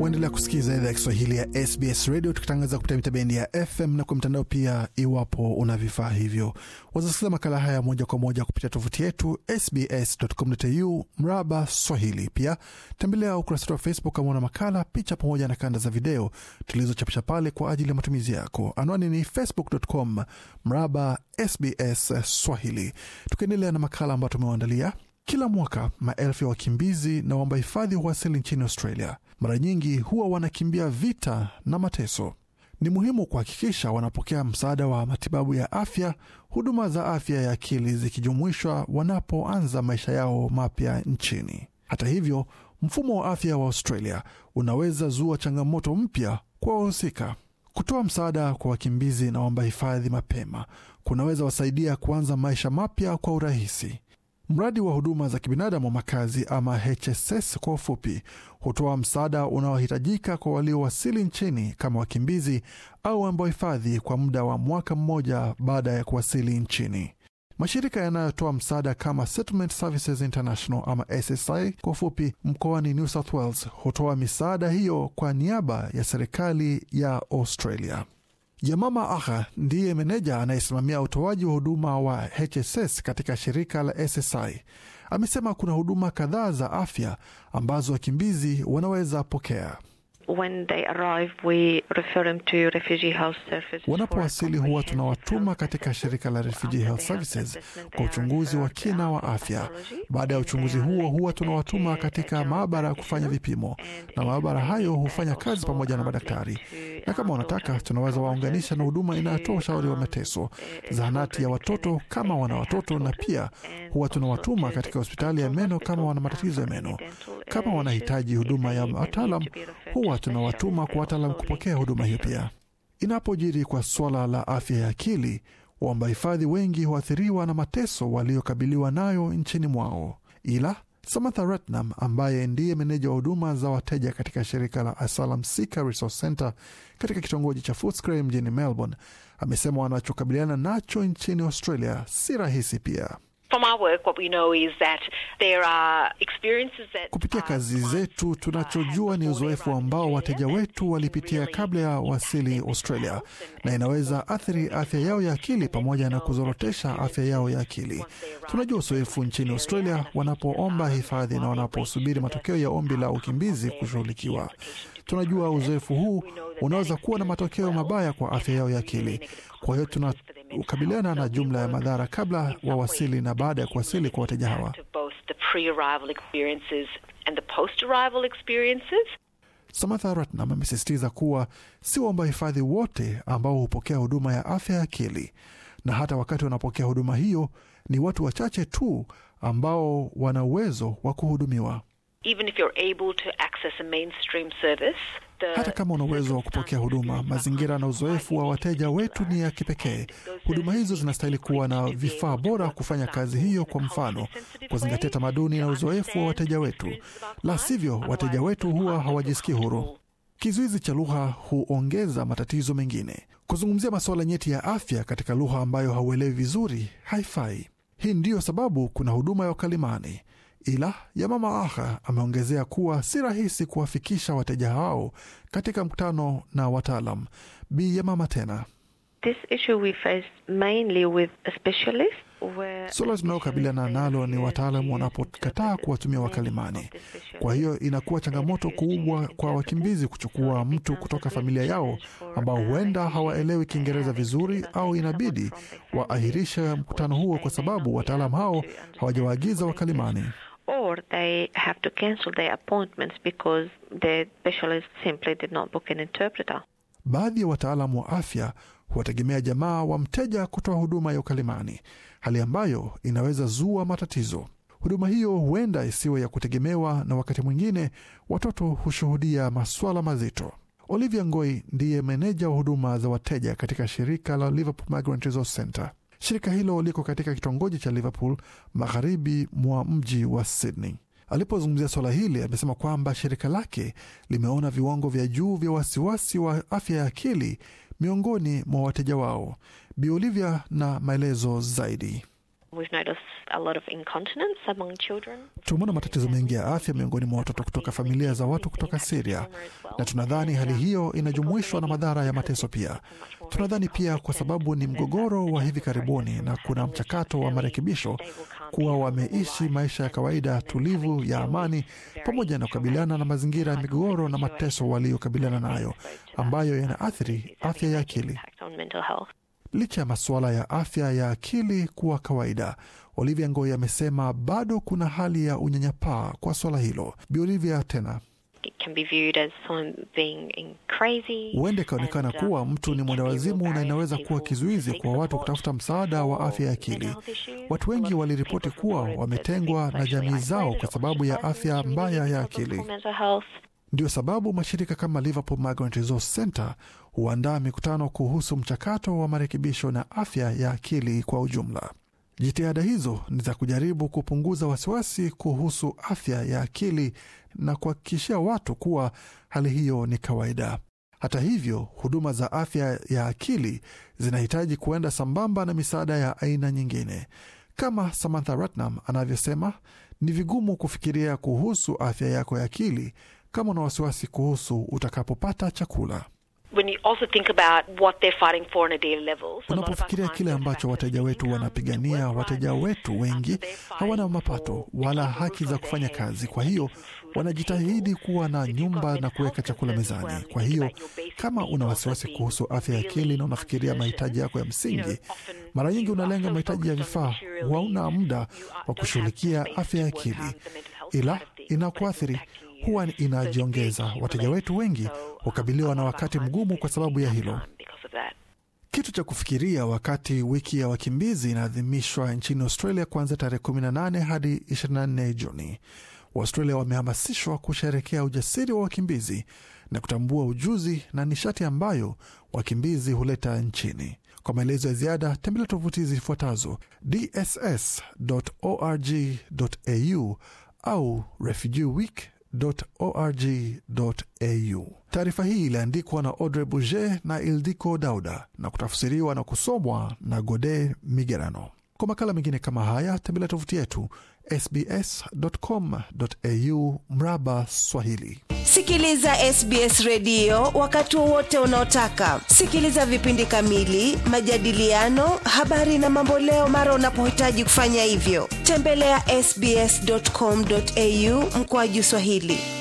Waendelea kusikiliza idhaa ya Kiswahili ya SBS Radio, tukitangaza kupitia mitabendi ya FM na kwa mtandao pia. Iwapo una vifaa hivyo, wazasikiliza makala haya moja kwa moja kupitia tovuti yetu sbs.com.au mraba swahili. Pia tembelea ukurasa wetu wa Facebook kama una makala, picha pamoja na kanda za video tulizochapisha pale kwa ajili ya matumizi yako. Anwani ni facebook.com mraba sbs swahili. Tukiendelea na makala ambayo tumewaandalia, kila mwaka maelfu ya wakimbizi na waomba hifadhi huwasili nchini Australia mara nyingi huwa wanakimbia vita na mateso. Ni muhimu kuhakikisha wanapokea msaada wa matibabu ya afya, huduma za afya ya akili zikijumuishwa wanapoanza maisha yao mapya nchini. Hata hivyo, mfumo wa afya wa Australia unaweza zua changamoto mpya kwa wahusika. Kutoa msaada kwa wakimbizi na waomba hifadhi mapema kunaweza wasaidia kuanza maisha mapya kwa urahisi. Mradi wa huduma za kibinadamu wa makazi ama HSS kwa ufupi, hutoa msaada unaohitajika kwa waliowasili nchini kama wakimbizi au ambao hifadhi kwa muda wa mwaka mmoja baada ya kuwasili nchini. Mashirika yanayotoa msaada kama Settlement Services International ama SSI kwa ufupi, mkoani New South Wales hutoa misaada hiyo kwa niaba ya serikali ya Australia. Jamama Aha ndiye meneja anayesimamia utoaji wa huduma wa HSS katika shirika la SSI. Amesema kuna huduma kadhaa za afya ambazo wakimbizi wanaweza pokea. Wanapowasili huwa tunawatuma katika shirika la Refugee Health Services kwa uchunguzi wa kina wa afya. Baada ya uchunguzi huo, huwa tunawatuma katika maabara kufanya vipimo, na maabara hayo hufanya kazi pamoja na madaktari na kama wanataka tunaweza waunganisha na huduma inayotoa ushauri wa mateso, zahanati ya watoto kama wana watoto, na pia huwa tunawatuma katika hospitali ya meno kama wana matatizo ya meno. Kama wanahitaji huduma ya wataalam, huwa tunawatuma kwa wataalam kupokea huduma hiyo. Pia inapojiri kwa suala la afya ya akili, waomba hifadhi wengi huathiriwa na mateso waliokabiliwa nayo nchini mwao, ila Samantha Ratnam ambaye ndiye meneja wa huduma za wateja katika shirika la Asylum Seeker Resource Center katika kitongoji cha Footscray mjini Melbourne amesema wanachokabiliana nacho nchini Australia si rahisi pia. Kupitia kazi zetu tunachojua ni uzoefu ambao wateja wetu walipitia kabla ya wasili Australia, na inaweza athiri afya yao ya akili pamoja na kuzorotesha afya yao ya akili. Tunajua uzoefu nchini Australia wanapoomba hifadhi na wanaposubiri matokeo ya ombi la ukimbizi kushughulikiwa. Tunajua uzoefu huu unaweza kuwa na matokeo mabaya kwa afya yao ya akili, kwa hiyo tuna hukabiliana na jumla ya madhara kabla, wawasili na baada ya kuwasili kwa wateja hawa. Samantha Ratnam amesisitiza kuwa si waomba hifadhi wote ambao hupokea huduma ya afya ya akili, na hata wakati wanapokea huduma hiyo ni watu wachache tu ambao wana uwezo wa kuhudumiwa. Even if you're able to access a mainstream service, hata kama una uwezo wa kupokea huduma, mazingira na uzoefu wa wateja wetu ni ya kipekee. Huduma hizo zinastahili kuwa na vifaa bora kufanya kazi hiyo, kwa mfano kuzingatia tamaduni na uzoefu wa wateja wetu, la sivyo wateja wetu huwa hawajisikii huru. Kizuizi cha lugha huongeza matatizo mengine. Kuzungumzia masuala nyeti ya afya katika lugha ambayo hauelewi vizuri haifai. Hii ndiyo sababu kuna huduma ya wakalimani. Ila Yamama Aha ameongezea kuwa si rahisi kuwafikisha wateja hao katika mkutano na wataalam. Bi mama tena suala tunayokabiliana nalo ni wataalam wanapokataa kuwatumia wakalimani. Kwa hiyo inakuwa changamoto kubwa kwa wakimbizi kuchukua mtu kutoka familia yao ambao huenda hawaelewi Kiingereza vizuri, au inabidi waahirishe mkutano huo kwa sababu wataalam hao hawajawaagiza wakalimani or they have to cancel their appointments because the specialist simply did not book an interpreter. Baadhi ya wataalamu wa afya huwategemea jamaa wa mteja kutoa huduma ya ukalimani, hali ambayo inaweza zua matatizo. Huduma hiyo huenda isiwe ya kutegemewa, na wakati mwingine watoto hushuhudia maswala mazito. Olivia Ngoi ndiye meneja wa huduma za wateja katika shirika la Liverpool Migrant Resource Center. Shirika hilo liko katika kitongoji cha Liverpool magharibi mwa mji wa Sydney. Alipozungumzia swala hili, amesema kwamba shirika lake limeona viwango vya juu vya wasiwasi wa afya ya akili miongoni mwa wateja wao. Bi Olivia na maelezo zaidi. Tumeona matatizo mengi ya afya miongoni mwa watoto kutoka familia za watu kutoka Siria, na tunadhani hali hiyo inajumuishwa na madhara ya mateso pia. Tunadhani pia kwa sababu ni mgogoro wa hivi karibuni na kuna mchakato wa marekebisho, kuwa wameishi maisha ya kawaida tulivu ya amani, pamoja na kukabiliana na mazingira ya migogoro na mateso waliokabiliana nayo ambayo yanaathiri afya ya akili licha ya masuala ya afya ya akili kuwa kawaida. Olivia ngoi amesema bado kuna hali ya unyanyapaa kwa swala hilo. Bi Olivia tena huenda ikaonekana uh, kuwa mtu ni mwendawazimu na inaweza kuwa kizuizi kwa watu kutafuta msaada wa afya ya akili. Watu wengi waliripoti kuwa wametengwa na jamii zao kwa sababu ya afya mbaya ya akili. Ndio sababu mashirika kama Liverpool Migrant Resource Centre huandaa mikutano kuhusu mchakato wa marekebisho na afya ya akili kwa ujumla. Jitihada hizo ni za kujaribu kupunguza wasiwasi kuhusu afya ya akili na kuhakikishia watu kuwa hali hiyo ni kawaida. Hata hivyo, huduma za afya ya akili zinahitaji kuenda sambamba na misaada ya aina nyingine. Kama Samantha Ratnam anavyosema, ni vigumu kufikiria kuhusu afya yako ya akili kama una wasiwasi kuhusu utakapopata chakula. Unapofikiria kile ambacho wateja wetu wanapigania, wateja wetu wengi hawana mapato wala haki za kufanya kazi, kwa hiyo wanajitahidi kuwa na nyumba na kuweka chakula mezani. Kwa hiyo kama una wasiwasi kuhusu afya ya akili na unafikiria mahitaji yako ya msingi, mara nyingi unalenga mahitaji ya vifaa, hauna muda wa kushughulikia afya ya akili, ila inakuathiri huwa inajiongeza. Wateja wetu wengi um, hukabiliwa na wakati mgumu kwa sababu ya hilo. Um, Kitu cha kufikiria wakati wiki ya wakimbizi inaadhimishwa nchini Australia kuanzia tarehe 18 hadi 24 Juni. Waustralia wamehamasishwa kusherekea ujasiri wa wakimbizi na kutambua ujuzi na nishati ambayo wakimbizi huleta nchini. Kwa maelezo ya ziada tembelea tovuti zifuatazo dss.org.au au Refugee www.awr.org.au. Taarifa hii iliandikwa na Audrey Buget na Ildiko Dauda na kutafsiriwa na kusomwa na Gode Migerano. Kwa makala mengine kama haya tembelea tovuti yetu sbs.com.au mraba Swahili. Sikiliza SBS redio wakati wowote unaotaka. Sikiliza vipindi kamili, majadiliano, habari na mamboleo mara unapohitaji kufanya hivyo. Tembelea sbs.com.au mkoaju Swahili.